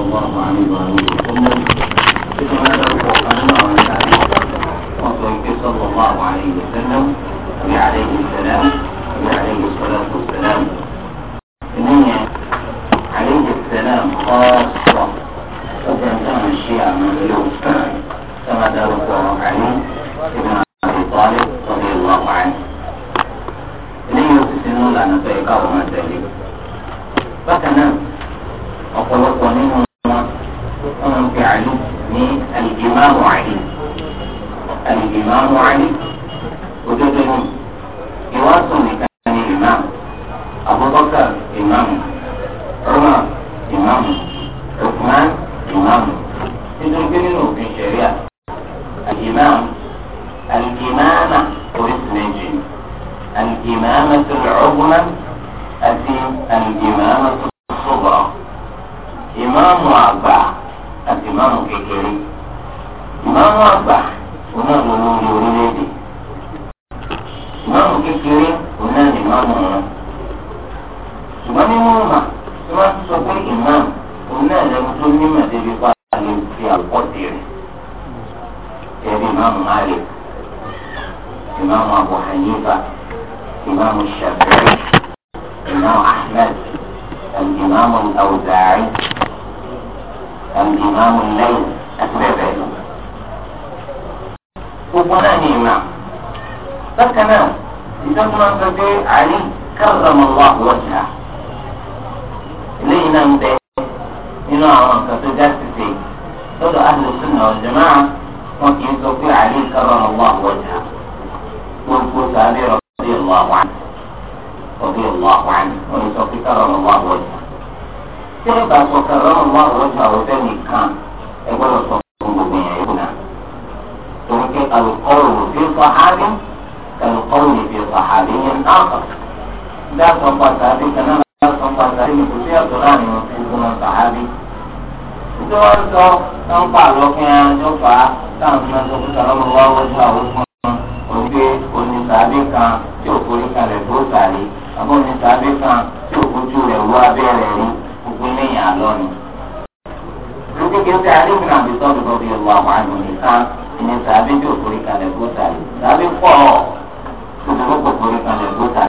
صلى الله عليه وآله وسلم nínú ẹ̀rọ ìfọ̀kan nínú àwọn ẹ̀dá yìí wọ́n sọ pé sọ́lọ́ wà wà àlẹ́ ìṣẹ̀lẹ̀ ní àlẹ́ ìṣẹ̀lẹ̀ ní àlẹ́ ìṣẹ̀lẹ̀ tó ṣẹlẹ̀ inú yẹn àlẹ́ ìṣẹ̀lẹ̀ kọ́ sọ ó jẹ́ táwọn ṣe àmì ìlú sábà dárúkọ àlẹ́ ìmọ̀ àbíkọ́lé sọ́lọ́ ìwà wà ní. inú yóò ti sinú lànà tó yẹ káwọn máa tẹ̀lé. bákan náà ọ̀pọ̀lọpọ̀ nínú ní òdodo ní ìwọ́n sùn nìkan ní ìmáàmù Abubakar ìmáàmù Umar ìmáàmù Uthman ìmáàmù nítorí pé nínú òfin ṣẹ̀ríà al-imam al-imama oríṣi méjì al-imama tó lè ọgbọ́n àti al tó lè ìmáàmù àgbà àti ìmáàmù kékeré ìmáàmù àgbà òun náà ló lórí orílẹ̀ إمام مالك إمام أبو حنيفة إمام الشافعي إمام أحمد الإمام الأوزاعي الإمام الليل بينهم وفلان إمام فكنا إذا كنا علي كرم الله وجهه لينا بيت إنه أمام كتجاسسي تدو أهل السنة والجماعة wọn kì í sọ pé àlè kọ́rọ̀ lọ́wọ́ àwọ̀jà gbogbo sàbẹ̀ rọ̀bì lọ́wọ́ àwọ̀n rọ̀bì lọ́wọ́ àwọ̀n wọn sọ pé kọ́rọ̀ lọ́wọ́ àwọ̀jà. tí ẹ bá sọ kọ́rọ̀ lọ́wọ́ àwọ̀jà ọ̀fẹ́ nìkan ẹ gbọ́dọ̀ sọ fún gbogbo yẹn yóò náà. tòun kí alùkọ́rù fi sàhábì alùkọ́rù fi sàhábì yẹn náà kọ̀. dáàbò pàtàkì kanáà tí wọ́n ń sọ tó ń pa àlọ́ fún ẹran tó fà á táwọn fún ẹjọ́ fún sàlọ́mù wá wọ́n ṣe àwọn fún un òkè onísàbí kan tí ò forí kalẹ̀ tó sàrí àbọ̀ onísàbí kan tí ò fojú rẹ̀ wú abẹ́rẹ́ rí gbogbo lẹ́yìn àlọ́ ni. lókè kéde àdéhùn àbí sọ́dún bọ́bí ọ̀wọ́ àwọn àmì nìkan onísàbí tí ò forí kalẹ̀ tó sàrí sàbí pọ̀ tó dúró kò forí kalẹ̀ tó sàrí